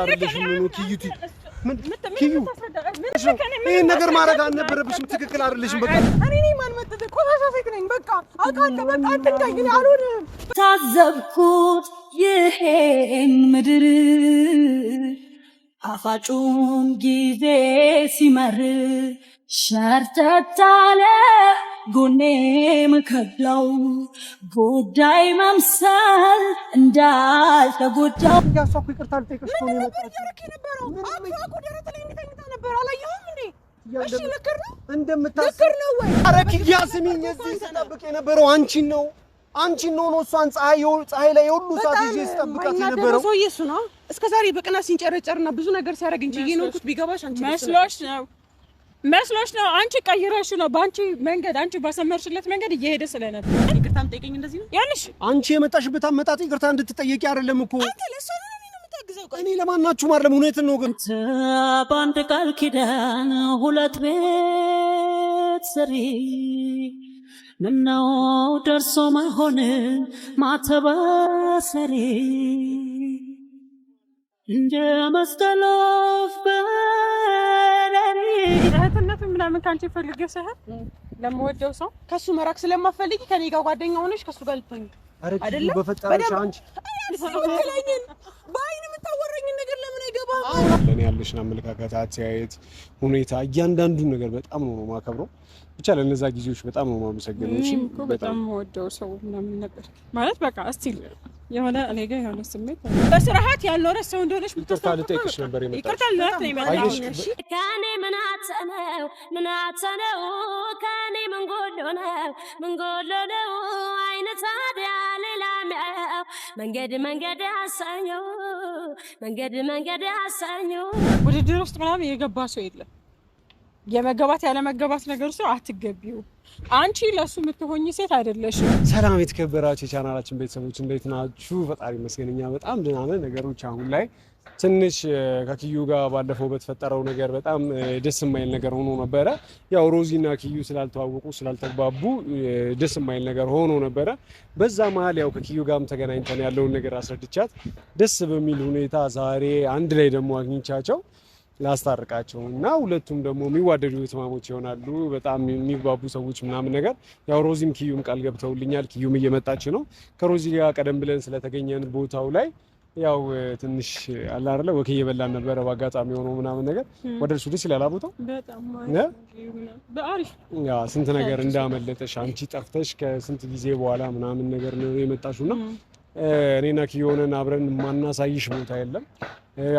አይደለሽም። ይህን ነገር ማድረግ አልነበረብሽም። ትክክል አይደለሽም። በቃ ታዘብኩት ይሄን ምድር አፋጩን ጊዜ ሲመር ሸርተታለ ጎኔም ከብለው ጉዳይ መምሰል እንዳልተጎዳው እያሷኩ ይቅርታ ልጠይቅሽ ነው የነበረው። አንቺን ነው አንቺን ነው ነው እሷን ፀሐይ ላይ ሁሉ ሰዓት ይዤ ስጠብቃት የነበረው ሰውዬ እሱ ነው። እስከ ዛሬ በቅናት ሲንጨረጨርና ብዙ ነገር ሲያደርግ እንጂ እየኖርኩት ቢገባሽ አንቺ መስሎሽ ነው መስሎሽ ነው። አንቺ ቀይረሽ ነው። በአንቺ መንገድ አንቺ ባሰመርሽለት መንገድ እየሄደ ስለነበር ይቅርታ የምጠይቀኝ እንደዚህ ነው ያለሽ። አንቺ የመጣሽበት አመጣጥ ይቅርታ እንድትጠየቂ አይደለም እኮ እኔ ለማናችሁም አይደለም። እውነት ነው ግን በአንድ ቃል ኪዳን ሁለት ቤት ስሪ ምነው ደርሶ ማይሆን ማተባሰሪ የመስቀሎፍ በረሪ እህትነቱን ምናምን ከአንቺ የፈልጌው ሳይሆን ለምወደው ሰው ከሱ መራቅ ስለማፈልጊ ከኔ ጋር ጓደኛ ሆነሽ ከእሱ ጋር ልትሆኝ አይደለም። በፈጠረሽ አንቺ በአይን ነገር ለምን አይገባም? ለእኔ ያለሽን አመለካከት፣ አተያየት፣ ሁኔታ እያንዳንዱን ነገር በጣም ነው ማከብረው ብቻ ለነዛ ጊዜዎች በጣም ነው የማመሰግነው። እሺ በጣም ወደው ሰው ምናምን ነበር ማለት በቃ እስቲል የሆነ እኔ ጋር የሆነ ስሜት በስርዓት ያልኖረ ሰው እንደሆነች ይቅርታ ልጠይቅሽ ነበር የመጣሁት። ይቅርታ ልላት ነው የመጣሁት። ከእኔ ምን አተነው ምን አተነው ከእኔ ምን ነው ምን ነው አይነ ታዲያ ሌላ ሚያየው መንገድ መንገድ ያሳኘው መንገድ መንገድ ያሳኘው ውድድር ውስጥ ምናምን የገባ ሰው የለም የመገባት ያለመገባት ነገር ሰው አትገቢው። አንቺ ለሱ የምትሆኝ ሴት አይደለሽም። ሰላም የተከበራችሁ የቻናላችን ቤተሰቦች እንዴት ናችሁ? ፈጣሪ መስገነኛ በጣም ደህና ነን። ነገሮች አሁን ላይ ትንሽ ከኪዩ ጋር ባለፈው በተፈጠረው ነገር በጣም ደስ የማይል ነገር ሆኖ ነበረ። ያው ሮዚና ኪዩ ስላልተዋወቁ ስላልተግባቡ ደስ የማይል ነገር ሆኖ ነበረ። በዛ መሀል ያው ከኪዩ ጋርም ተገናኝተን ያለውን ነገር አስረድቻት ደስ በሚል ሁኔታ ዛሬ አንድ ላይ ደግሞ አግኝቻቸው ላስታርቃቸው እና ሁለቱም ደግሞ የሚዋደዱ ህትማሞች ይሆናሉ። በጣም የሚግባቡ ሰዎች ምናምን ነገር ያው ሮዚም ኪዩም ቃል ገብተውልኛል። ኪዩም እየመጣች ነው። ከሮዚ ጋር ቀደም ብለን ስለተገኘን ቦታው ላይ ያው ትንሽ አለ አይደለ ወክ እየበላን ነበረ በአጋጣሚ ሆኖ ምናምን ነገር ወደ እርሱ ደስ ይላል። ቦታው ስንት ነገር እንዳመለጠሽ አንቺ ጠፍተሽ ከስንት ጊዜ በኋላ ምናምን ነገር ነው የመጣሽው እና እኔና ኪዩ ሆነን አብረን ማናሳይሽ ቦታ የለም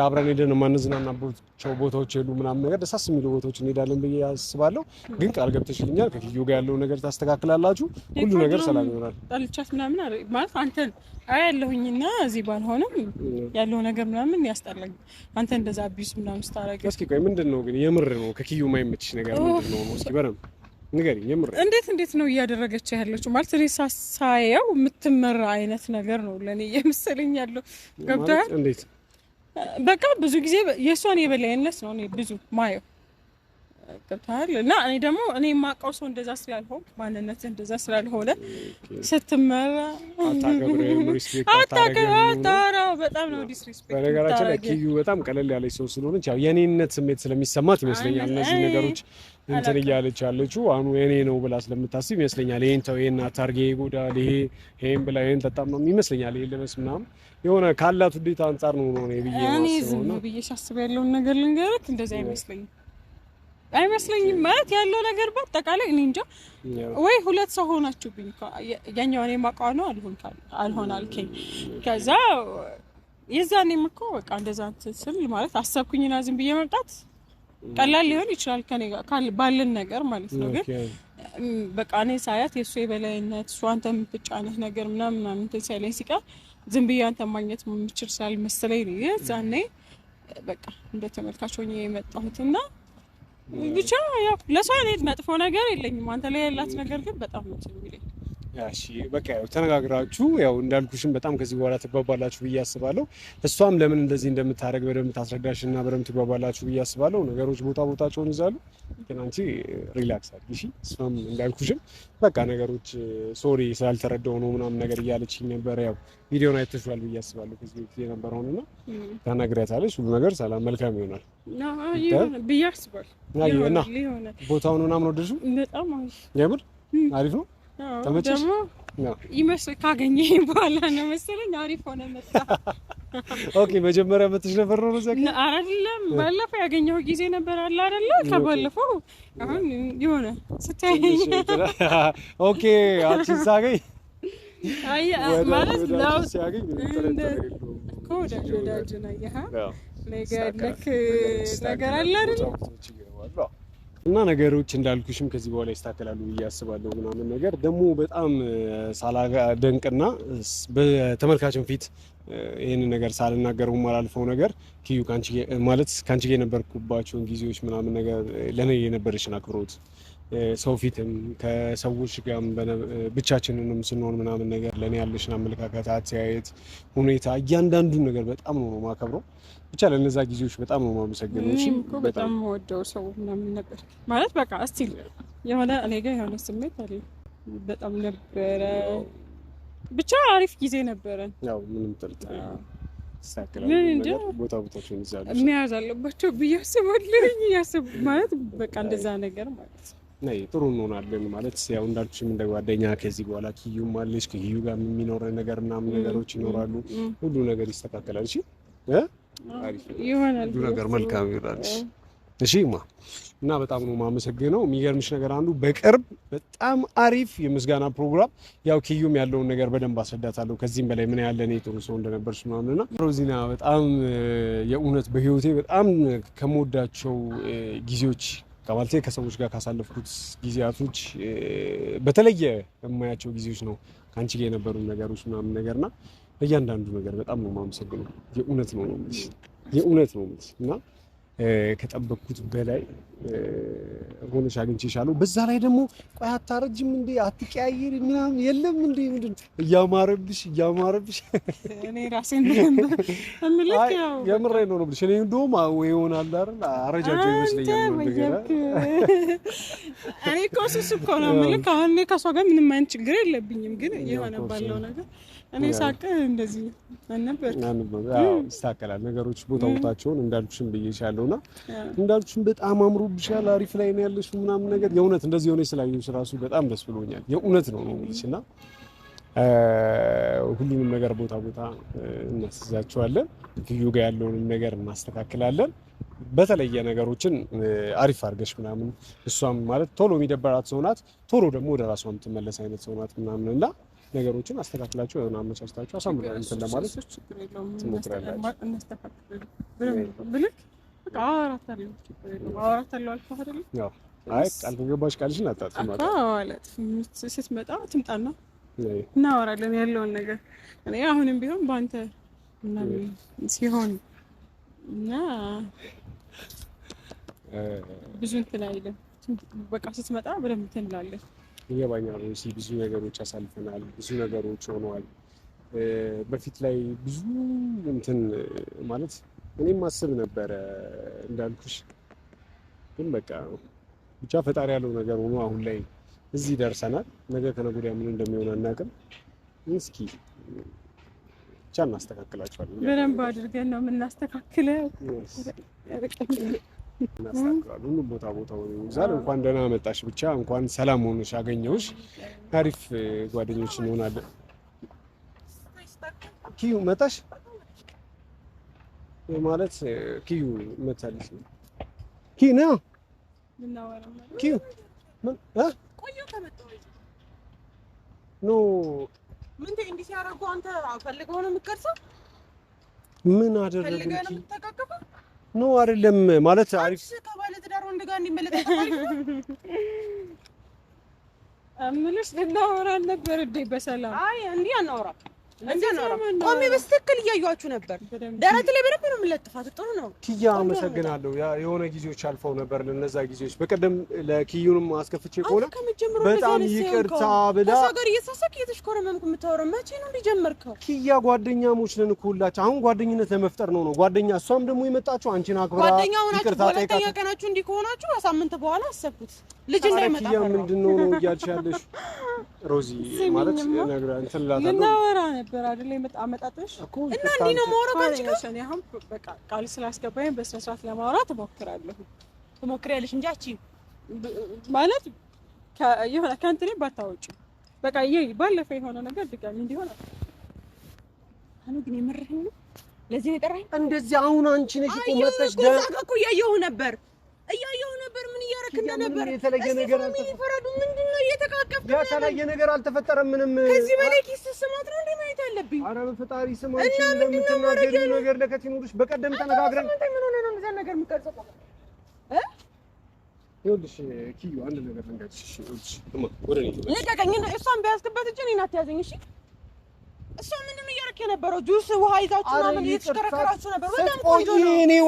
አብረን ሄደን የማንዝናናባቸው ቦታዎች የሉ ምናምን ነገር ደሳስ የሚሉ ቦታዎች እንሄዳለን ብዬ አስባለሁ። ግን ቃል ገብተሽልኛል ከኪዮ ጋር ያለው ነገር ታስተካክላላችሁ፣ ሁሉ ነገር ሰላም ይሆናል። ጠልቻት ምናምን ማለት አንተን ያለሁኝና እዚህ ባልሆንም ያለው ነገር ምናምን ያስጠላኝ አንተ እንደዛ አቢዩስ ምናምን ስታረግ። እስኪ ቆይ ምንድን ነው ግን የምር ነው ከኪዩ የማይመችሽ ነገር ምንድን ነው? እስኪ በረም ንገሪ የምር እንዴት እንዴት ነው እያደረገች ያለችው? ማለት እኔ ሳሳየው የምትመራ አይነት ነገር ነው ለእኔ እየመሰለኝ ያለው ገብቶሃል? እንዴት በቃ ብዙ ጊዜ የእሷን የበላይነት ነው እኔ ብዙ ማየው ገብተሃል። እና እኔ ደግሞ እኔ የማውቀው ሰው እንደዛ ስላልሆን ማንነት እንደዛ ስላልሆነ ስትመራ አታገራ በጣም ነው ዲስሪስፔክት። በነገራችን ላይ ኪዩ በጣም ቀለል ያለች ሰው ስለሆነች ያው የእኔነት ስሜት ስለሚሰማት ይመስለኛል እነዚህ ነገሮች እንትን እያለች ያለችው አሁኑ የኔ ነው ብላ ስለምታስብ ይመስለኛል ይህን ተው ይህን አታርጌ ይጎዳል ይሄ ይህን ብላ ይህን ጠጣም ነው ይመስለኛል። ይህን ልበስ ምናምን የሆነ ካላት ውዴት አንጻር ነው ነው ብዬ ዝም ብዬ ሳስብ ያለውን ነገር ልንገርክ፣ እንደዚ አይመስለኝም አይመስለኝም ማለት ያለው ነገር በአጠቃላይ እኔ እንጃ ወይ ሁለት ሰው ሆናችሁብኝ ያኛው እኔ ማቋ ነው አልሆን አልከኝ ከዛ የዛኔም እኮ በቃ እንደዛ ስል ማለት አሰብኩኝና ዝም ብዬ መምጣት ቀላል ሊሆን ይችላል ከኔ ጋር ባለን ነገር ማለት ነው። ግን በቃ እኔ ሳያት የእሱ የበላይነት እሱ አንተ የምትጫነህ ነገር ምናምን ምናምን እንትን ሳይለኝ ሲቀር ዝም ብዬ አንተ ማግኘት የምችል ስላልመሰለኝ ነው የዛኔ በቃ እንደ ተመልካች ሆኜ የመጣሁት እና ብቻ ያው ለሰው እኔ መጥፎ ነገር የለኝም። አንተ ላይ ያላት ነገር ግን በጣም ነው የሚለኝ እሺ በቃ ያው ተነጋግራችሁ ያው እንዳልኩሽም በጣም ከዚህ በኋላ ትግባባላችሁ ብዬ አስባለሁ። እሷም ለምን እንደዚህ እንደምታደርግ በደንብ ታስረዳሽ እና በደንብ ትግባባላችሁ ብዬ አስባለሁ። ነገሮች ቦታ ቦታቸውን ይዛሉ። ግን አንቺ ሪላክስ አድርጊ እሺ። እሷም እንዳልኩሽም በቃ ነገሮች ሶሪ ስላልተረዳው ነው ምናምን ነገር እያለችኝ ነበረ። ያው ቪዲዮን አይተሽዋል ብዬ አስባለሁ ከዚህ በፊት የነበረውን እና ተነግሪያታለች። ሁሉ ነገር ሰላም መልካም ይሆናል ብዬ አስባለሁ እና ቦታውን ምናምን ወደድሽው? በጣም አሪፍ ነው ተመቸሽ ይመስል ካገኘህ በኋላ ነው መሰለኝ አሪፍ ሆነ መጣ። ኦኬ መጀመሪያ መጥተሽ ነበር ነው ዘክ አይደለም? ባለፈው ያገኘው ጊዜ ነበር አለ አይደለ? ከባለፈው አሁን የሆነ ስታየኝ ኦኬ አንቺን ሳገኝ ማለት ነው ሲያገኝ ነገር ልክ ነገር አለ አይደል? እና ነገሮች እንዳልኩሽም ከዚህ በኋላ ይስተካከላሉ ብዬ አስባለሁ። ምናምን ነገር ደግሞ በጣም ሳላደንቅና በተመልካችን ፊት ይህን ነገር ሳልናገረው ማላልፈው ነገር ኪዩ ማለት ከአንቺ ጋር የነበርኩባቸውን ጊዜዎች ምናምን ነገር ለእኔ የነበረችን አክብሮት ሰው ፊትም ከሰዎች ጋር ብቻችንንም ስንሆን ምናምን ነገር ለእኔ ያለሽን አመለካከት፣ አተያየት፣ ሁኔታ እያንዳንዱን ነገር በጣም ነው ማከብረው ብቻ ለነዛ ጊዜዎች በጣም ነው የማመሰግነው። እሺ በጣም ወደው ሰው ምናምን ነበር ማለት በቃ እስቲል የሆነ እኔ ጋር የሆነ ስሜት አለ በጣም ነበረ። ብቻ አሪፍ ጊዜ ነበረን። ያው ምንም ጥርጥር ቦታ ቦታቸውን ይዛሉ መያዝ አለባቸው ብዬ አስባለሁኝ። ያስብ ማለት በቃ እንደዛ ነገር ማለት ነው። ጥሩ እንሆናለን ማለት ያው እንዳልኩሽም እንደ ጓደኛ ከዚህ በኋላ ክዩም አለች። ከዩ ጋር የሚኖረ ነገር ምናምን ነገሮች ይኖራሉ። ሁሉ ነገር ይስተካከላል። እሺ ይሆናል ነገር መልካም ይሆናልሽ። እሺ ማ እና በጣም ነው የማመሰግነው። የሚገርምሽ ነገር አንዱ በቅርብ በጣም አሪፍ የምስጋና ፕሮግራም ያው ኪዩም ያለውን ነገር በደንብ አስረዳታለሁ። ከዚህም በላይ ምን ያለ እኔ ጥሩ ሰው እንደነበርሽ ምናምን እና ሮዚና በጣም የእውነት በህይወቴ በጣም ከምወዳቸው ጊዜዎች ከማለቴ ከሰዎች ጋር ካሳለፍኩት ጊዜያቶች በተለየ የማያቸው ጊዜዎች ነው ከአንቺ ጋር የነበሩ ነገሮች ምናምን ነገርና በእያንዳንዱ ነገር በጣም ነው የማመሰግነው። የእውነት ነው ነው የምልሽ የእውነት ነው የምልሽ እና ከጠበቅኩት በላይ ሆነሽ አግኝቼሻለሁ። በዛ ላይ ደግሞ ቆይ አታረጅም እንዴ አትቀያየር ምናምን የለም እንዴ ምንድን እያማረብሽ እያማረብሽ እኔ ራሴ የምሬ ነው ነው ብልሽ እኔ እንደውም ወይ ይሆናል አይደል አረጃቸው ይመስለኛል። እኔ እኮ ስስ እኮ ነው ምልክ አሁን ከሷ ጋር ምንም አይነት ችግር የለብኝም፣ ግን የሆነ ባለው ነገር እኔ ሳቀ እንደዚህ ነበር ይስተካከላል። ነገሮች ቦታ ቦታቸውን እንዳልኩሽም ብዬሻለሁ እና እንዳልኩሽም በጣም አምሮብሻል፣ አሪፍ ላይ ነው ያለሽ ምናምን ነገር የእውነት እንደዚህ የሆነች ስላየሁሽ ራሱ በጣም ደስ ብሎኛል። የእውነት ነው ነው የምልሽ እና ሁሉንም ነገር ቦታ ቦታ እናስዛቸዋለን። ልዩ ጋር ያለውንም ነገር እናስተካክላለን። በተለየ ነገሮችን አሪፍ አድርገሽ ምናምን እሷም ማለት ቶሎ የሚደበራት ሰው ናት፣ ቶሎ ደግሞ ወደ ራሷ የምትመለስ አይነት ሰው ናት ምናምን እና ነገሮችን አስተካክላቸው የሆነ አመቻችታቸው አሳምራ እንትን ለማለት ትሞክራለህ። አይ ቃል ከገባሽ ቃልሽን አታጥፊ። ስትመጣ ትምጣና እናወራለን ያለውን ነገር እኔ አሁንም ቢሆን በአንተ ሲሆን እና ብዙ እንትን አይልም። በቃ ስትመጣ በደንብ እንትን እላለን ይገባኛል። ሲ ብዙ ነገሮች አሳልፈናል፣ ብዙ ነገሮች ሆነዋል። በፊት ላይ ብዙ እንትን ማለት እኔም አስብ ነበረ እንዳልኩሽ፣ ግን በቃ ብቻ ፈጣሪ ያለው ነገር ሆኖ አሁን ላይ እዚህ ደርሰናል። ነገ ከነገ ወዲያ ምን እንደሚሆን አናውቅም። እስኪ ብቻ እናስተካክላቸዋለን። በደንብ አድርገን ነው የምናስተካክለው። እናስተካክላለን። ሁሉም ቦታ ቦታ ሆኖ ይዛል። እንኳን ደህና መጣሽ፣ ብቻ እንኳን ሰላም ሆነሽ አገኘሁሽ። አሪፍ ጓደኞች እንሆናለን። ኪዩ መጣሽ ማለት ኪዩ መታለች። ኪዩ ነው ኪዩ ምን እ ኖ ምን እንዲህ ሲያደርጉ አንተ ፈልገው ነው የምትቀርሰው? ምን ኖ አይደለም ማለት አሪፍ ከባለ ትዳር ወንድ ጋር እንዲመለጥ አምልሽ ልናወራ ነበር እዴ በሰላም አይ እንዲህ አናወራ ቆሜ በስትክክል እያዩችሁ ነበር። ደረት ላይ በደንብ ነው የምለጥፋት። ጥሩ ነው ኪያ፣ አመሰግናለሁ። የሆነ ጊዜዎች አልፈው ነበር። ለነዛ ጊዜዎች በቀደም ለኪዩንም አስከፍቼ ከሆነ በጣም ይቅርታ ብላ ጋር እየሳሰክ እየተሽኮረመምኩ የምታወራው መቼ ነው እንዲጀመርከው? ኪያ፣ ጓደኛሞች ነን እኮ ሁላችን። አሁን ጓደኝነት ለመፍጠር ነው ነው ጓደኛ። እሷም ደግሞ የመጣችሁ አንቺን አክብራ ጓደኛ ሆናችሁ ሁለተኛ ቀናችሁ እንዲህ ከሆናችሁ ሳምንት በኋላ አሰብኩት ልጅ እንዳይመጣ ኪያ። ምንድን ነው ነው እያልሽ ያለሽው? ሮዚ ማለት ነግራ እንትን ላታለው ልናወራ ነበር አይደል? ይመጣ አመጣጥሽ እና እንዲህ ነው የማወራው ካንቺ ጋር። እኔ አሁን በቃ ቃል ስላስገባኝ በስነ ስርዓት ለማውራት እሞክራለሁ። ትሞክሪያለሽ እንጂ አንቺ ማለት የሆነ ከእንትኔ ባታወጪ በቃ ይሄ ባለፈ የሆነ ነገር ድጋሚ እንዲሆን አሁን ግን የምርህን ነው። ለዚህ ነው የጠራኸኝ? እንደዚህ አሁን አንቺ ነሽ እኮ መጥተሽ ደግ እኮ እያየሁህ ነበር እያየሁ ነበር ምን እያደረክ እንደነበር። የተለየ ነገር የተለየ ነገር አልተፈጠረም። ምንም ከዚህ በላይ ኪስ ስማት ነው እንደ ማየት አለብኝ። ኧረ በፈጣሪ ስማችን እንደምትናገሪው ነገር ለከት ይኑርሽ። በቀደም ተነጋግረን ምን ሆነህ ነው እዛን ነገር የምትቀርጸው? ይኸውልሽ ኪዩ አንድ ነገር ልንገርሽ። ልቀቀኝ። እሷን በያዝክበት እጅ እኔን አትያዘኝ እሺ? እሷ ምንም እያደረክ የነበረው ጁስ ውሃ ይዛችሁ ምናምን እየተሽከረከራችሁ ነበር። በጣም ቆንጆ ነው።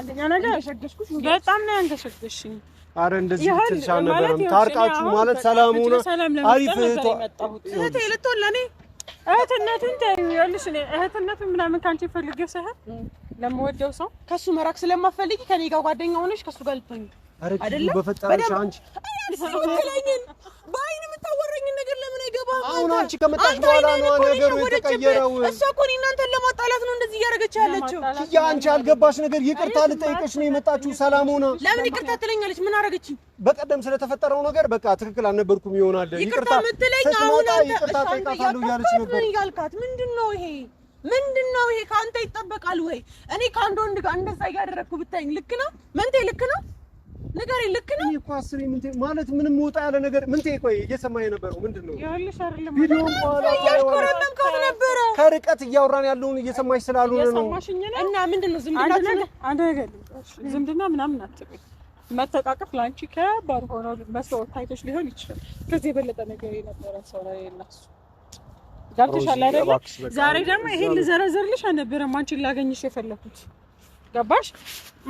አንደኛ ነገር በጣም ነው ያንገሸገሽኝ። አረ እንደዚህ ታርቃችሁ ማለት ሰላም ሆነ አሪፍ እህቴ ልትሆን ለእኔ ይኸውልሽ እኔ ምናምን ከአንቺ ሳይሆን ለምወደው ሰው ከእሱ መራቅ ስለማፈልጊ ከእኔ ጋር ጓደኛ ሆነሽ ከእሱ ጋር ልትሆኝ አይደለም በፈጠረሽ አንቺ ለምን አይገባህም? አሁን አንቺ ከመጣሽ በኋላ ነው ነገሩ የተቀየረው። እሷ እኮ እኔ እናንተን ለማጣላት ነው እንደዚህ እያደረገች ያለችው። ያ አንቺ ያልገባሽ ነገር ይቅርታ ልጠይቀሽ ነው የመጣችው ሰላም ሆና። ለምን ይቅርታ ትለኛለች? ምን አደረገች? በቀደም ስለተፈጠረው ነገር በቃ ትክክል አልነበርኩም ይሆናል ይቅርታ ምትለኝ አሁን ይቅርታ ጠይቃታለሁ እያለች ነበር ያልካት ምንድን ነው ይሄ? ምንድን ነው ይሄ? ከአንተ ይጠበቃል ወይ? እኔ ከአንድ ወንድ ጋር እንደዛ እያደረግኩ ብታይኝ ልክ ነው መንቴ? ልክ ነው ነገር ልክ ነው እኮ አስቤ ምን ማለት ምንም ወጣ ያለ ነገር ምን ቆይ እየሰማ የነበረው ምንድን ነው ነበረ ከርቀት እያወራን ያለውን እየሰማሽ ስላልሆነ ነው እና ምንድን ነው ዝምድና ምናምን አትበይ መተቃቀፍ ለአንቺ ከባድ ሆኖ መስሎት ታይቶች ሊሆን ይችላል ከዚህ የበለጠ ነገር የነበረ ሰው ነው የላሱ ዛሬ ደግሞ ይሄን ልዘረዘርልሽ አልነበረም አንቺን ላገኝሽ የፈለኩት ገባሽ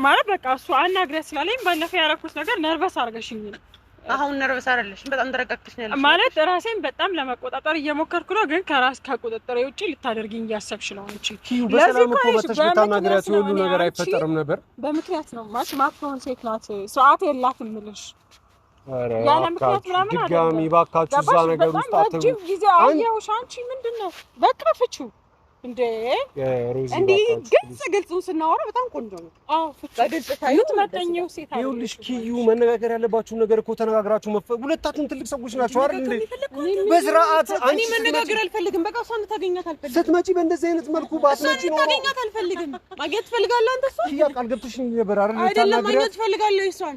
ማለት በቃ እሱ አናግሪያት ስላለኝ ባለፈው ያረኩት ነገር ነርቨስ አድርገሽኝ ነው። አሁን ነርቨስ አይደለሽም፣ በጣም ተረጋግተሽ ነው ማለት። ራሴን በጣም ለመቆጣጠር እየሞከርኩ ነው፣ ግን ከራስ ከቁጥጥር ውጪ ልታደርግኝ እያሰብሽ ነው እንጂ በሰላም እኮ መተሽ ብታናግሪያት ሁሉ ነገር አይፈጠርም ነበር። በምክንያት ነው ማለት ማክሮን ሴት ናት፣ ሰዓት የላትም እልሽ ያለ ምክንያት ምናምን አይደለም። ድጋሚ እባካችሁ እዛ ነገር ውስጥ አትግቡ። አንቺ ምንድን ነው በቃ ፍቺው እንዴ ግልጽ ግልጽ ስናወራ በጣም ቆንጆ ነው። ይኸውልሽ ኪዩ መነጋገር ያለባችሁ ነገር እኮ ተነጋግራችሁ መፈ ሁለታችሁም ትልቅ ሰዎች ናቸው አይደል በስርዓት አንቺ መነጋገር አልፈልግም። በቃ እሷን ታገኛት አልፈልግም። ስትመጪ በእንደዚህ አይነት መልኩ ባትመጪ ነው ታገኛት አልፈልግም። ማግኘት ትፈልጋለህ አንተ እሷን ያ ቃል ገብቶሽ ነበር አይደል? ማግኘት ትፈልጋለህ እሷን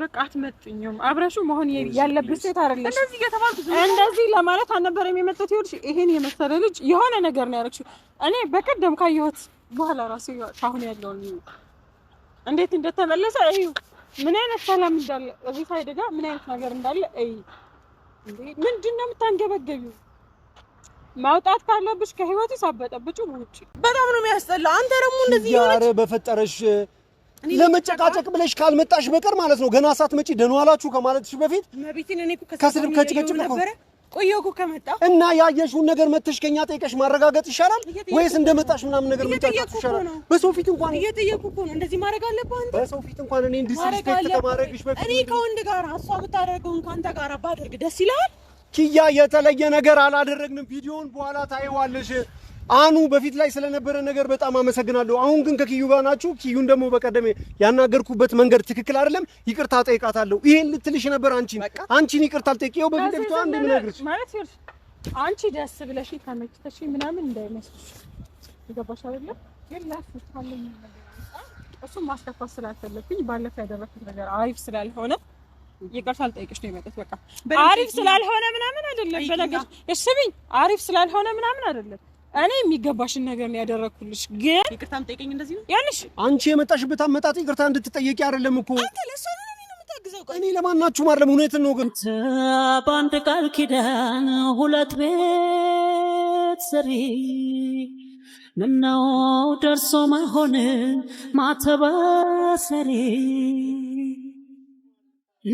በቃ አትመጥኝም። አብረሽው መሆን ያለብሽ ሴት አይደለሽ። እንደዚህ ለማለት አልነበረ የሚመጣት ይኸውልሽ፣ ይሄን የመሰለ ልጅ የሆነ ነገር ነው ያደረግሽው። እኔ በቀደም ካየሁት በኋላ ራሱ አሁን ያለውን እንዴት እንደተመለሰ እዩ። ምን አይነት ሰላም እንዳለ እዚህ ሳይድ ጋር ምን አይነት ነገር እንዳለ እዩ። ምንድን ነው የምታንገበገቢው? ማውጣት ካለብሽ ከህይወቱ ሳበጠብጭ ውጪ። በጣም ነው የሚያስጠላ። አንተ ደግሞ እንደዚህ ያረ በፈጠረሽ ለመጨቃጨቅ ብለሽ ካልመጣሽ በቀር ማለት ነው። ገና ሳት መጪ ደህና ዋላችሁ ከማለትሽ በፊት ከስድብ ከጭቅጭቅ ነበረ ቆየሁ እኮ ከመጣሁ እና ያየሽውን ነገር መተሽ ከኛ ጠይቀሽ ማረጋገጥ ይሻላል ወይስ እንደመጣሽ ምናምን ነገር መጣሽ ይሻላል? በሰው ፊት እንኳን እየጠየቁ እኮ ነው። እንደዚህ ማድረግ አለብህ አንተ። በሰው ፊት እንኳን እኔ ዲስሪስፔክት ከማድረግሽ በፊት እኔ ከወንድ ጋር እሷ ብታደርገው እንኳን አንተ ጋር ባደርግ ደስ ይላል። ኪያ የተለየ ነገር አላደረግንም። ቪዲዮውን በኋላ ታየዋለሽ። አኑ በፊት ላይ ስለነበረ ነገር በጣም አመሰግናለሁ። አሁን ግን ከኪዩ ጋር ናችሁ። ኪዩን ደግሞ በቀደም ያናገርኩበት መንገድ ትክክል አይደለም፣ ይቅርታ ጠይቃታለሁ። ይሄን ልትልሽ ነበር። አንቺን አንቺን ይቅርታ አልጠይቅየው በፊት ለፊቷ እንደምነግርሽ ማለት ይኸውልሽ፣ አንቺ ደስ ብለሽ ተመችተሽ ምናምን እንዳይመስልሽ ይገባሽ አይደለ? ግን ላፍት ካለኝ እሱም ማስከፋት ስላልፈለግኩኝ ባለፈው ያደረኩት ነገር አሪፍ ስላልሆነ ይቅርታ ልጠይቅሽ ነው የመጣሁት። በቃ አሪፍ ስላልሆነ ምናምን አይደለም። በነገር እሺ ብኝ አሪፍ ስላልሆነ ምናምን አይደለም እኔ የሚገባሽን ነገር ነው ያደረግኩልሽ። ግን ይቅርታ የምጠይቀኝ እንደዚህ ነው ያንሽ። አንቺ የመጣሽበት አመጣጥ ይቅርታ እንድትጠየቂ አይደለም እኮ እኔ ለማናችሁ ማለም እውነትን ነው። ግን በአንድ ቃል ኪዳን ሁለት ቤት ስሪ ምነው ደርሶ ማይሆን ማተባ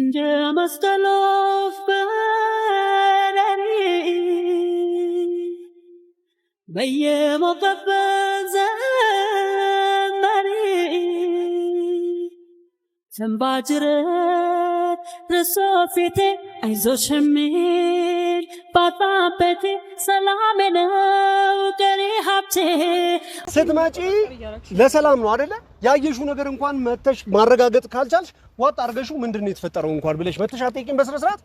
እንደ መስቀል ወፍ በየሞቀበት ዘመኔ ሸንባጅረት ረሶ ፊቴ አይዞሽ የሚል ባባበቴ ሰላሜ ነው ቀሪ ሀብቴ። ስትመጪ ለሰላም ነው አደለ? ያየሽው ነገር እንኳን መተሽ ማረጋገጥ ካልቻልሽ ዋጥ አርገሽው ምንድን ነው የተፈጠረው እንኳን ብለሽ መተሽ አትጠይቂም በስነ ስርዓት።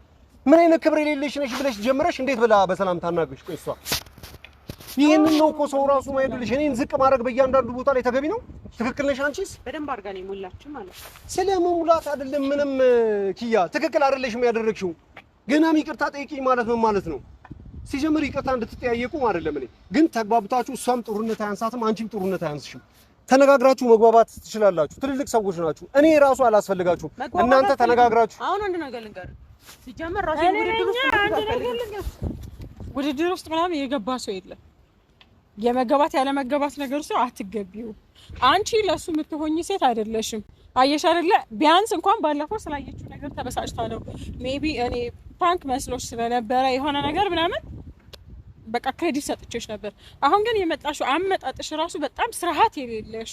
ምን አይነት ክብር የሌለሽ ነሽ ብለሽ ጀምረሽ እንዴት ብላ በሰላም ታናግሽ? ቆይ እሷ ይህንን ነው እኮ ሰው ራሱ ማይሄድልሽ። እኔን ዝቅ ማድረግ በእያንዳንዱ ቦታ ላይ ተገቢ ነው? ትክክል ነሽ። አንቺስ በደንብ አድርጋ ነው የሞላችሁ ማለት ነው። ስለ መሙላት አይደለም ምንም። ኪያ ትክክል አይደለሽም ያደረግሽው። ገናም ይቅርታ ጠይቂኝ ማለት ምን ማለት ነው? ሲጀምር ይቅርታ እንድትጠያየቁም አይደለም። እኔ ግን ተግባብታችሁ፣ እሷም ጥሩነት አያንሳትም፣ አንቺም ጥሩነት አያንስሽም። ተነጋግራችሁ መግባባት ትችላላችሁ። ትልልቅ ሰዎች ናችሁ። እኔ ራሱ አላስፈልጋችሁም። እናንተ ተነጋግራችሁ አሁን አንድ ነገር ልንገር ሲጀምር ራሱ ውድድር ውስጥ ምናምን የገባ ሰው የለም የመገባት ያለመገባት ነገር እሱ አትገቢው። አንቺ ለሱ የምትሆኝ ሴት አይደለሽም። አየሽ አይደለ? ቢያንስ እንኳን ባለፈው ስላየችው ነገር ተበሳጭታ ነው ሜቢ እኔ ፓንክ መስሎች ስለነበረ የሆነ ነገር ምናምን በቃ ክሬዲት ሰጥቼሽ ነበር። አሁን ግን የመጣሽው አመጣጥሽ ራሱ በጣም ስርዓት የሌለሽ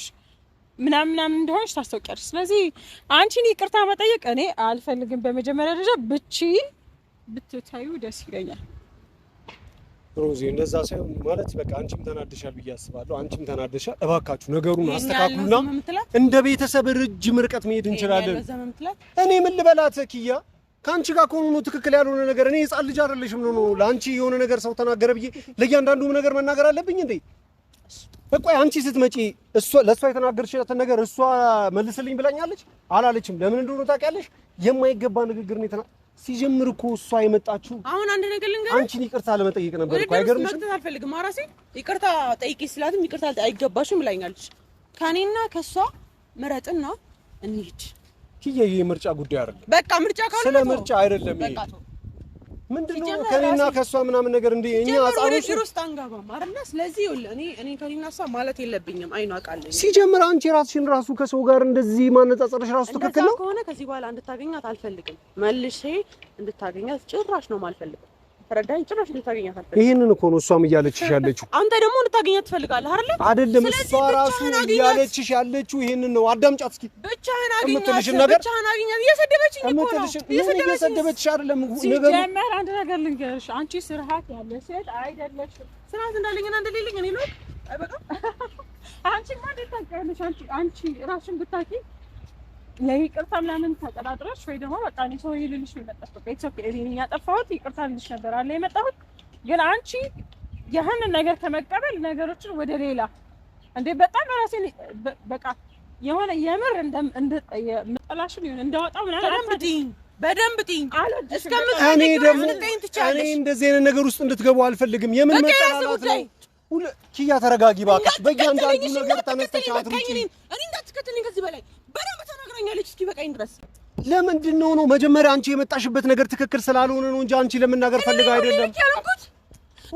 ምናምን ምናምን እንደሆነች ታስታውቂያለሽ። ስለዚህ አንቺን ይቅርታ መጠየቅ እኔ አልፈልግም። በመጀመሪያ ደረጃ ብቻዬን ብትታዩ ደስ ይለኛል። ሮዚ እንደዛ ሳይሆን ማለት በቃ አንቺም ተናደሻል ብዬ አስባለሁ። አንቺም ተናደሻል። እባካችሁ ነገሩን አስተካክሉና እንደ ቤተሰብ ረጅም ርቀት መሄድ እንችላለን። እኔ ምን ልበላት ኪያ፣ ከአንቺ ጋር ከሆኑ ትክክል ያልሆነ ነገር እኔ ሕፃን ልጅ አይደለሽም ነው ለአንቺ የሆነ ነገር ሰው ተናገረ ብዬ ለእያንዳንዱም ነገር መናገር አለብኝ እንዴ? ቆይ አንቺ ስትመጪ ለእሷ የተናገርሽለትን ነገር እሷ መልስልኝ ብላኛለች አላለችም? ለምን እንደሆነ ታውቂያለሽ? የማይገባ ንግግር ነው የተናገረው ሲጀምር እኮ እሷ የመጣችው አሁን አንድ ነገር ልንገር፣ አንቺን ይቅርታ ለመጠየቅ ነበር እኮ። አይገርምሽ? መቅጣት አልፈልግም። አራሴ ይቅርታ ጠይቂ ስላትም ይቅርታ አይገባሽም ብላኛለች። ከኔና ከእሷ ምረጥና እንሂድ። ይሄ የምርጫ ጉዳይ አይደለም። በቃ ምርጫ ካለ ስለ ምርጫ አይደለም ይሄ ምንድነው ከኔና ከሷ ምናምን ነገር እንደ እኛ አጻሮች ውስጥ አንጋባም አረና ስለዚህ ይኸውልህ እኔ እኔ ከኔና እሷ ማለት የለብኝም። አይኑ አቃለኝ ሲጀምር አንቺ ራስሽን ራሱ ከሰው ጋር እንደዚህ ማነጻጸርሽ ራሱ ትክክል ነው ከሆነ ከዚህ በኋላ እንድታገኛት አልፈልግም። መልሼ እንድታገኛት ጭራሽ ነው የማልፈልገው። ተረዳኸኝ? ጭራሽ ልታገኛት አልፈልግም። ይሄንን እኮ ነው እሷም እያለችሽ ያለችው። አንተ ደግሞ እንድታገኛት ትፈልጋለህ አይደል? አይደለም፣ እሷ ራሱ እያለችሽ ያለችው ይሄንን ነው። አዳምጫት እስኪ። ብቻህን አገኛት፣ ብቻህን አገኛት። እየሰደበችኝ እኮ ነው። እየሰደበችሽ አይደለም ነገሩ። ጀመር አንድ ነገር ልንገርሽ፣ አንቺ ስርዓት ያለ ሴት አይደለሽም። ስርዓት እንዳለኝና እንደሌለኝ እኔ ነው። አይ በቃ አንቺ ማን ታውቂያለሽ? አንቺ አንቺ ራስሽን ብታውቂ ይቅርታ ምናምን ተጠራጥረሽ ወይ ደግሞ በቃ እኔ ሰውዬ ልልሽ የመጣሁት። እኔ ያጠፋሁት ይቅርታ ልልሽ ነበር አለ የመጣሁት። ግን አንቺ ያህንን ነገር ከመቀበል ነገሮችን ወደ ሌላ እንዴ በጣም ራሴን በቃ የሆነ የምር እንደ እንደ መጠላሽን ምናምን በደንብ ጥኝ እኔ እንደዚህ አይነት ነገር ውስጥ እንድትገቡ አልፈልግም። የምን መጠላላት ነው? ኪያ ተረጋጊ እባክሽ። በእያንዳንዱ ነገር ተነስተሽ አትሩጪ። እኔ እንዳትከተለኝ ከዚህ በላይ ትሆነኛለች እስኪበቃኝ ድረስ። ለምንድን ነው ነው መጀመሪያ አንቺ የመጣሽበት ነገር ትክክል ስላልሆነ ነው እንጂ አንቺ ለመናገር ፈልገው አይደለም።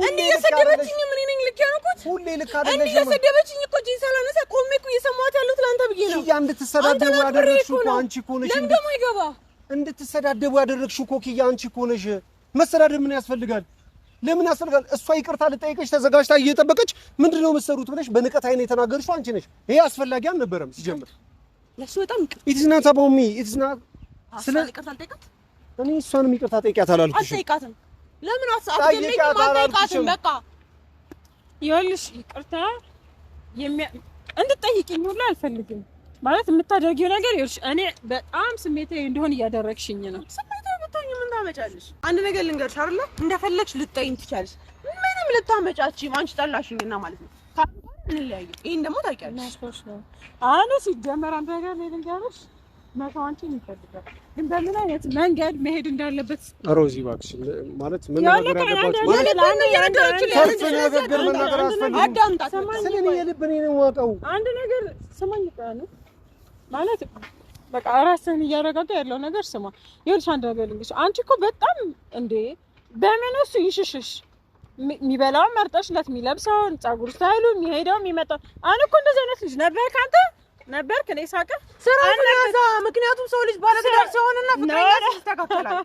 እንዴ እየሰደበችኝ ምን ነኝ? ልክ ያልኩት ሁሌ ልክ አይደለም። እንዴ እየሰደበችኝ እኮ ጂን ሳላነሳ ቆሜ እኮ እየሰማሁት ያለሁት ለአንተ ብዬ ነው። ያ እንድትሰዳደቡ ያደረግሽው እኮ አንቺ እኮ ነሽ። ለምን ደግሞ ይገባ እንድትሰዳደቡ ያደረግሽው እኮ ኪያ አንቺ እኮ ነሽ። መሰዳደብ ምን ያስፈልጋል? ለምን ያስፈልጋል? እሷ ይቅርታ ልጠይቀሽ ተዘጋጅታ እየጠበቀች ምንድን ነው የምትሰሩት ብለሽ በንቀት አይን የተናገርሽው አንቺ ነሽ። ይሄ አስፈላጊ አልነበረም ሲጀምር ለሱ በጣም ኢትስ ናት አባውት ሚ ኢትስ ናት ስለ ይቅርታ አልጠይቃት እኔ እሷንም ይቅርታ ጠይቃት አላልኩሽ። አልጠይቃትም። ለምን አትጠይቃትም? አልጠይቃትም። በቃ ይኸውልሽ ይቅርታ እንድትጠይቂኝ ሁሉ አልፈልግም። ማለት የምታደርጊው ነገር ይኸውልሽ፣ እኔ በጣም ስሜታዊ እንደሆን እያደረግሽኝ ነው። ታመጫለሽ? አንድ ነገር ልንገርሽ አይደለ? እንደፈለግሽ ልትጠይኝ ትቻለሽ። ምንም ልታመጫችም። አንቺ ጠላሽኝና ማለት ነው እንለያየው። ደግሞ ታውቂያለሽ ነው አለ ሲጀመር አንተ ጋር መተዋንችን ይፈልጋል። ግን በምን አይነት መንገድ መሄድ እንዳለበት ሮዚ እባክሽ ማለት ምን ነገር ያለባችሁ ማለት አንድ ነገር ነገር አስፈልግ ስለኔ የልብን የዋቀው አንድ ነገር ስማኝ ነው ማለት በቃ ራስህን እያረጋጋ ያለው ነገር ስማ። ይኸውልሽ አንድ ነገር ልንገርሽ። አንቺ እኮ በጣም እንዴ በምን እሱ ይሽሽሽ የሚበላውን መርጠሽለት የሚለብሰውን ጸጉር ስታይሉ የሚሄደው የሚመጣው። አሁን እኮ እንደዚህ አይነት ልጅ ነበር ካንተ ነበር ከኔ ሳቀ ስራ ያዛ። ምክንያቱም ሰው ልጅ ባለ ትዳር ሲሆንና ፍቅረኛ ይስተካከላል።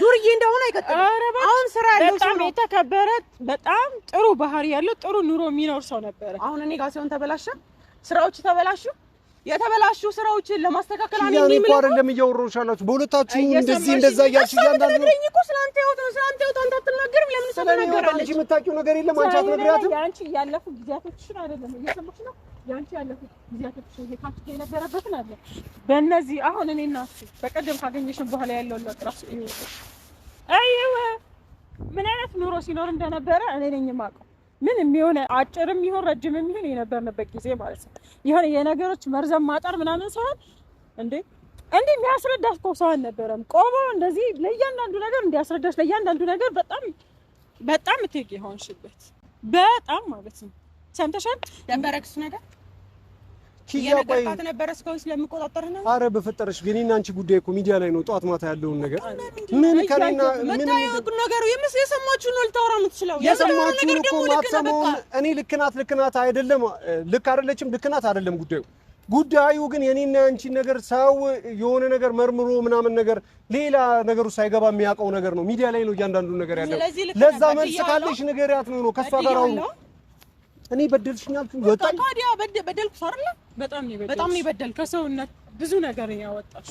ዱርዬ እንደሆነ አይቀጥልም። አሁን ስራ ያለው ሰው ነው። የተከበረ በጣም ጥሩ ባህሪ ያለው ጥሩ ኑሮ የሚኖር ሰው ነበረ። አሁን እኔ ጋር ሲሆን ተበላሸ፣ ስራዎች ተበላሹ። የተበላሹ ስራዎችን ለማስተካከል አንዴ ምን ይቆር እንደሚያወሩሽ አላችሁ በሁለታችሁ እንደዚህ እንደዛ ያልሽ ያንዳንዱ ነገር እኮ ስላንተ ህይወት ነው ስላንተ ህይወት አንተ አትናገርም። ለምን ሰው ተናገራለች? አንቺ የምታውቂው ነገር የለም። አንቺ አትነግሪያትም። ያንቺ ያለፉ ጊዜያቶችሽን አይደለም እየሰማሽ ነው። ያንቺ ያለፉ ጊዜያቶችሽን እየካፍሽ የነበረበትን አለ በእነዚህ አሁን እኔ እና እሱ በቀደም ካገኘሽን በኋላ ያለው ለጥራስ እዩ አይዋ ምን አይነት ኑሮ ሲኖር እንደነበረ እኔ ነኝ የማውቀው ምን የሚሆነ አጭርም ይሁን ረጅም ይሁን የነበርንበት ጊዜ ማለት ነው። የሆነ የነገሮች መርዘም ማጠር ምናምን ሳይሆን እንዴ እንዲህ የሚያስረዳት እኮ ሰው አልነበረም። ቆሞ እንደዚህ ለእያንዳንዱ ነገር እንዲያስረዳች ለእያንዳንዱ ነገር በጣም በጣም ትግ የሆንሽበት በጣም ማለት ነው። ሰምተሻል? ደንበረክሱ ነገር እየነገርኳት ነበረ። እስካሁን ስለምቆጣጠርህ ነው። አረ በፈጠረሽ ግን የእኔና አንቺ ጉዳይ እኮ ሚዲያ ላይ ነው። ጠዋት ማታ ያለውን ነገር ምን ከእኔና ምን ነገሩ የሰማችሁ ነው ልታወራ የምትችለው የሰማችሁ እኮ ማትሰማውን እኔ ልክናት ናት ልክ አይደለም ልክ አይደለችም ልክናት አይደለም ጉዳዩ ጉዳዩ ግን የኔና አንቺን ነገር ሰው የሆነ ነገር መርምሮ ምናምን ነገር ሌላ ነገር ውስጥ ሳይገባ የሚያውቀው ነገር ነው። ሚዲያ ላይ ነው እያንዳንዱ ነገር ያለው። ለዛ መልስ ካለሽ ንገሪያት ነው ነው ከሷ ጋር አሁን እኔ በደልሽኝ አልኩኝ። ወጣ ታዲያ በደልኩ አይደለ? በጣም ነው በጣም ነው በደል ከሰውነት ብዙ ነገር ያወጣሽ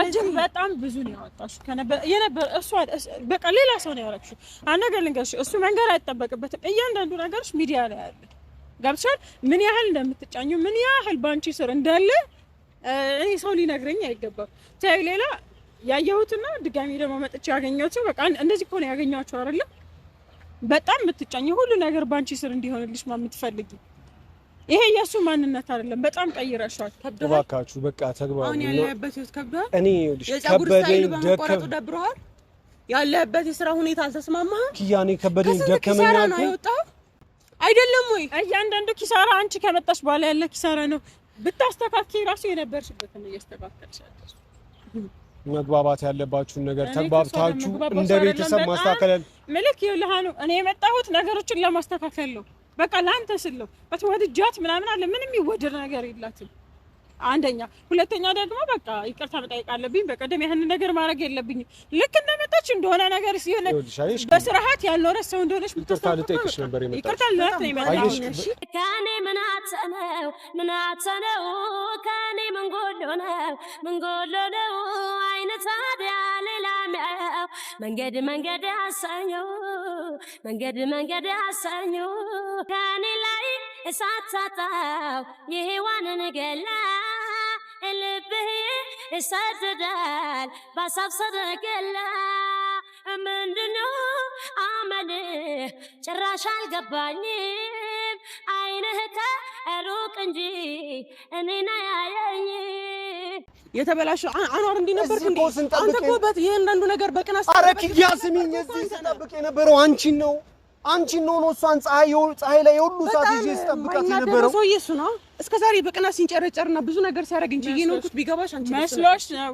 እጅግ በጣም ብዙ ነው ያወጣሽ። ያወጣሽው። የነበረ እሱ በቃ ሌላ ሰው ነው ያደረግሽው። አንድ ነገር ልንገርሽ፣ እሱ መንገር አይጠበቅበትም። እያንዳንዱ ነገርሽ ሚዲያ ላይ አለ። ገብቶሻል። ምን ያህል እንደምትጫኙ ምን ያህል በአንቺ ስር እንዳለ እኔ ሰው ሊነግረኝ አይገባም። ተይው ሌላ ያየሁትና ድጋሚ ደግሞ መጥቼ ያገኘኋቸው በቃ እንደዚህ ከሆነ ያገኘኋቸው አይደለም በጣም የምትጫኝ ሁሉ ነገር በአንቺ ስር እንዲሆንልሽ ማ የምትፈልጊ ይሄ የእሱ ማንነት አይደለም። በጣም ቀይረሻል። ከብደዋል። እባካችሁ በቃ ተግባቡ። አሁን ያለህበት ህይወት ከብደዋል። እኔ ይኸውልሽ ከበደኝ፣ ደከመኝ፣ ደብሮሃል። ያለህበት የስራ ሁኔታ አልተስማማህም። ኪያ እኔ ከበደኝ፣ ደከመኝ ነው አይደለም ወይ? እያንዳንዱ ኪሳራ አንቺ ከመጣሽ በኋላ ያለ ኪሳራ ነው። ብታስተካክይ ራሱ የነበርሽበትን እያስተካከልሽ መግባባት ያለባችሁን ነገር ተግባብታችሁ እንደ ቤተሰብ ማስተካከል ምልክ ይልሃኑ። እኔ የመጣሁት ነገሮችን ለማስተካከል ነው። በቃ ለአንተ ስለው በትወድጃት ምናምን አለ ምንም ይወደድ ነገር የላትም። አንደኛ። ሁለተኛ ደግሞ በቃ ይቅርታ መጠየቅ አለብኝ። በቀደም ያህን ነገር ማድረግ የለብኝም። ልክ እንደመጣች እንደሆነ ነገር ሲሆነ በስርዓት ያልኖረ ሰው እንደሆነች ይቅርታ ልጠይቅሽ ነበር ይቅርታ ልላት ነው የመጣሁት። ከኔ ምን አተነው ምን አተነው ከኔ ምን ጎሎ ነው ምን ነው አይነ ታዲያ ሌላ ሚያው መንገድ መንገድ ያሳኘው መንገድ መንገድ ያሳኘው ከኔ ላይ እሳት ሳጣው የሔዋንን ገላ ልብህ ይሰድዳል በአሳብ ሰረገላ ምንድነው አመልህ ጭራሽ አልገባኝም። አይንህ ከሩቅ እንጂ እኔን አያየኝ። የተበላሸ አኗር እንዲህ ነበር እንዴ? አንተ እኮ የእያንዳንዱ ነገር በቅናት ኧረ ኪያ እዚህ ስጠብቅ የነበረው አንቺን ነው አንቺን ነው ነው እሷን ፀሐይ ላይ የሁሉ ሰዓት ይዤ ስጠብቃት የነበረው ሰውዬ እሱ ነው እስከ ዛሬ በቅናት ሲንጨረጨርና ብዙ ነገር ሲያደርግ እንጂ እየኖርኩት ቢገባሽ አንቺ መስሎሽ ነው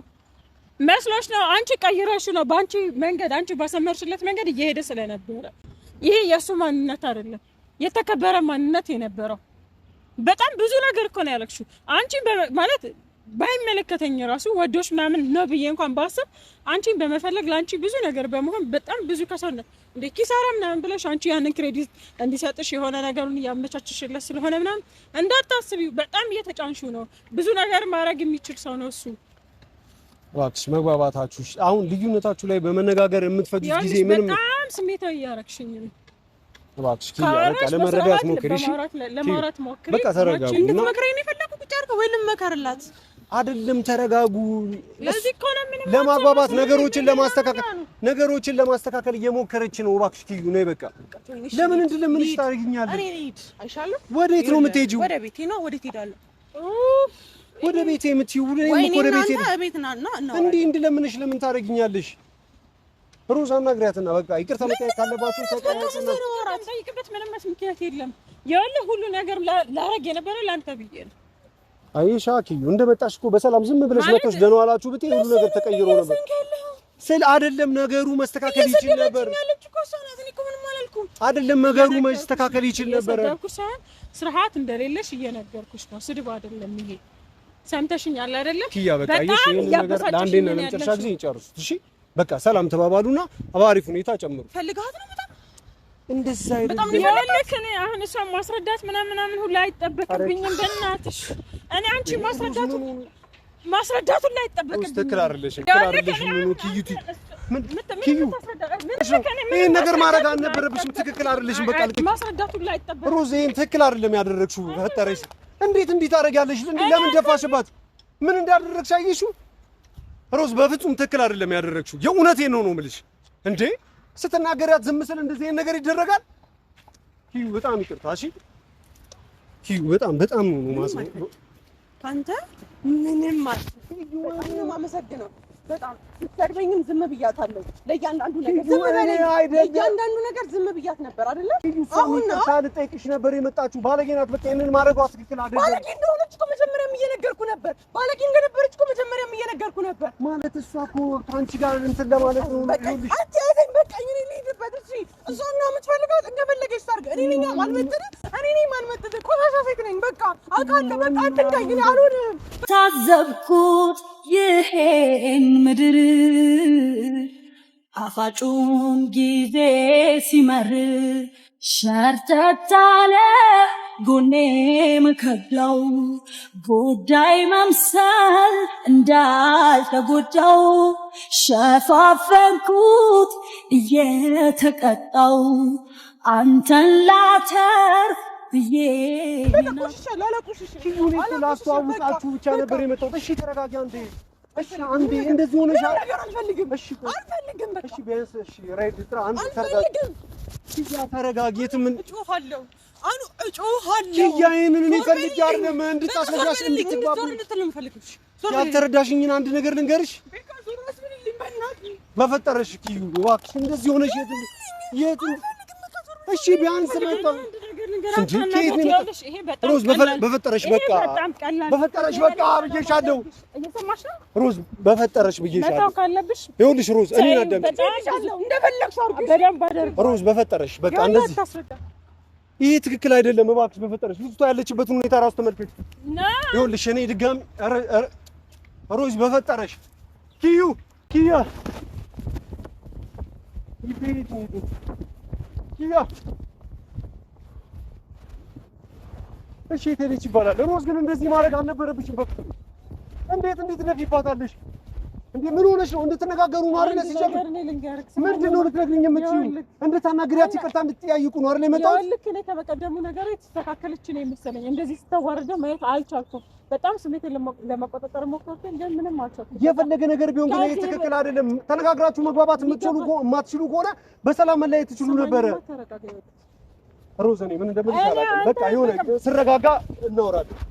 መስሎሽ ነው አንቺ ቀይረሽ ነው በአንቺ መንገድ አንቺ ባሰመርሽለት መንገድ እየሄደ ስለነበረ ይሄ የእሱ ማንነት አይደለም የተከበረ ማንነት የነበረው በጣም ብዙ ነገር እኮ ነው ያለቅሽው አንቺ ማለት ባይመለከተኝ ራሱ ወዶች ምናምን ነው ብዬ እንኳን ባስብ አንቺን በመፈለግ ለአንቺ ብዙ ነገር በመሆን በጣም ብዙ ከሰውነት እንደ ኪሳራ ምናምን ብለሽ አንቺ ያንን ክሬዲት እንዲሰጥሽ የሆነ ነገሩን እያመቻችሽለት ስለሆነ ምናምን እንዳታስቢው። በጣም እየተጫንሹ ነው። ብዙ ነገር ማድረግ የሚችል ሰው ነው እሱ። እባክሽ መግባባታችሁ፣ አሁን ልዩነታችሁ ላይ በመነጋገር የምትፈጁት ጊዜ ምንም በጣም ስሜታዊ እያረግሽኝ ነው። እባክሽ ኪያ በቃ ለመረዳት ሞክሪ፣ እሺ? በቃ ተረጋጉ። እንድትመክረኝ ነው የፈለኩት ብቻ አድርገው ወይንም መከርላት አይደለም ተረጋጉ። ለማግባባት ነገሮችን ለማስተካከል ነገሮችን ለማስተካከል እየሞከረች ነው። እባክሽ ኪዩ ነው በቃ። ለምን እንድ ለምን ታደርጊኛለሽ? ወዴት ነው የምትሄጂው? ወደ ቤቴ ነው። ወዴት ሄዳለሁ? ወደ ቤቴ የምትይው ወደ ቤቴ እንዲህ እንድ ለምንሽ ለምን ታደርጊኛለሽ? ሮዛ አናግሪያትና በቃ ይቅርታ መጠየቅ ካለባችሁ ተቀያየሩና ምንም ምክንያት የለም። ያለ ሁሉ ነገር ላረግ የነበረ ላንተ ብዬ ነው አይሻ ኪዩ እንደመጣሽ እኮ በሰላም ዝም ብለሽ መጥተሽ ደህና ዋላችሁ ብትይ ሁሉ ነገር ተቀይሮ ነበር ስል አይደለም። ነገሩ መስተካከል ይችል ነበር አይደለም። ነገሩ መስተካከል ይችል ነበር። ስርዓት እንደሌለሽ እየነገርኩሽ ነው። ስድብ አይደለም ይሄ። ሰምተሽኛል አይደለም? ኪያ በቃ ይሽ ይሄን ነገር ለአንዴና ለመጨረሻ ጊዜ ይጨርሱት። እሺ በቃ ሰላም ተባባሉና በአሪፍ ሁኔታ ጨምሩ። ፈልጋት ነው እንደዛ በጣም እኔ አሁን እሷን ማስረዳት ምናምን ምናምን ሁሉ አይጠበቅብኝም። በእናትሽ እኔ አንቺ ማስረዳቱ ማስረዳቱ ላይ አይጠበቅብኝም። ትክክል አይደለሽ። ይሄን ነገር ማድረግ አልነበረብሽም። ትክክል አይደለሽም። በቃ ሮዝ ይሄን ትክክል አይደለም ያደረግሽው። ፈጠረሽ እንዴት እንዲህ ታደርጊያለሽ? ለምን ደፋሽባት? ምን እንዳደረግሽ አየሽው? ሮዝ በፍጹም ትክክል አይደለም ያደረግሽው። የእውነቴን ነው ነው የምልሽ እንዴ ስትናገሪያት ዝም ስል እንደዚህ አይነት ነገር ይደረጋል? ኪዩ በጣም ይቅርታ። እሺ ኪዩ በጣም በጣም ነው ማሰብ አንተ ምንም ማለት ነው። አመሰግናለሁ በጣም ስትሰድበኝም ዝም ብያታለሁ። ለእያንዳንዱ ነገር ዝም በለኝ። ለእያንዳንዱ ነገር ዝም ብያት ነበር አይደለ? አሁን ልጠይቅሽ ነበር የመጣችሁ። ባለጌ ናት። በቃ ይሄንን ማድረጓ ትክክል አይደለም። ባለጌ እንደሆነች እኮ መጀመሪያም እየነገርኩ ነበር። ባለጌ እንደነበረች እኮ መጀመሪያም እየነገርኩ ነበር። ማለት እሷ እኮ ከአንቺ ጋር እንትን ለማለት ነው። አትያዘኝ። በቃ እኔ ልሂድበት። እሺ፣ እሷ እና የምትፈልጋት እንደፈለገች ታድርግ። እኔ ነኝ አልመጥንም። እኔ ነኝ አልመጥንም። ቆሻሻ ሴት ነኝ። በቃ አውቃለሁ። በቃ አትንካኝ። እኔ አልሆንም። ታዘብኩት ይሄን ምድር አፋጩን ጊዜ ሲመር ሸርተታለ ጎኔ ምከብለው ጉዳይ መምሰል እንዳልተጎዳው ሸፋፈንኩት እየተቀጣው አንተን ላተርፍ ላስተዋውቃችሁ ብቻ ነበር የመጣሁት። እሺ ተረጋጊ። አንዴ እሺ፣ አንዴ እንደዚህ ሆነሽ አልፈልግም። እሺ አልፈልግም። እሺ ቢያንስ እሺ፣ ራይድ ትራ አንተ ተረጋጊ። ተረጋጊ። የት ምን እጮሃለሁ? አኑ እጮሃለሁ። ኪያ ይሄንን እኔ ፈልጌ አይደለም እንድታስረዳሽ እንድትባብ ያልተረዳሽኝን አንድ ነገር ልንገርሽ በፈጠረሽ ኪዩ፣ እባክሽ እንደዚህ ሆነሽ የት የት እሺ ቢያንስ መጣሁ ሮዝ በፈጠረሽ በቃ በፈጠረሽ በቃ ብዬሻለሁ። ሮዝ በፈጠረሽ ብዬሻለሁ። ይኸውልሽ ሮዝ እኔን አዳምጪኝ። ሮዝ በፈጠረሽ በቃ እንደዚህ ይሄ ትክክል አይደለም። እባክሽ በፈጠረሽ ልጅቷ ያለችበትን ሁኔታ ራሱ ተመልከች። ይኸውልሽ እኔ ድጋሚ ሮዝ በፈጠረሽ ኪዩ ኪያ ኪያ እሺ ቴሌች ይባላል። ሮዝ ግን እንደዚህ ማድረግ አልነበረብሽም። በቃ እንዴት እንዴት ነፊባታለሽ እንዴ? ምን ሆነሽ ነው? እንድትነጋገሩ ነው አይደል? ሲጀምር ምንድን ነው ልትነግሪኝ እንድታናግሪያት ይቅርታ እንድትጠያይቁ ነው አይደል የመጣሁት? ልክ ከበቀደሙ ነገር የተስተካከለች ነው የመሰለኝ። እንደዚህ ማየት አልቻልኩም። በጣም ስሜት ለመቆጣጠር ግን ምንም አልቻልኩም። የፈለገ ነገር ቢሆን ግን ይሄ ትክክል አይደለም። ተነጋግራችሁ መግባባት የምትችሉ የማትችሉ ከሆነ በሰላም መለያየት ትችሉ ነበረ። ሮዝ እኔ ምን እንደምልሽ አላውቅም። በቃ የሆነ ስረጋጋ እናወራለን።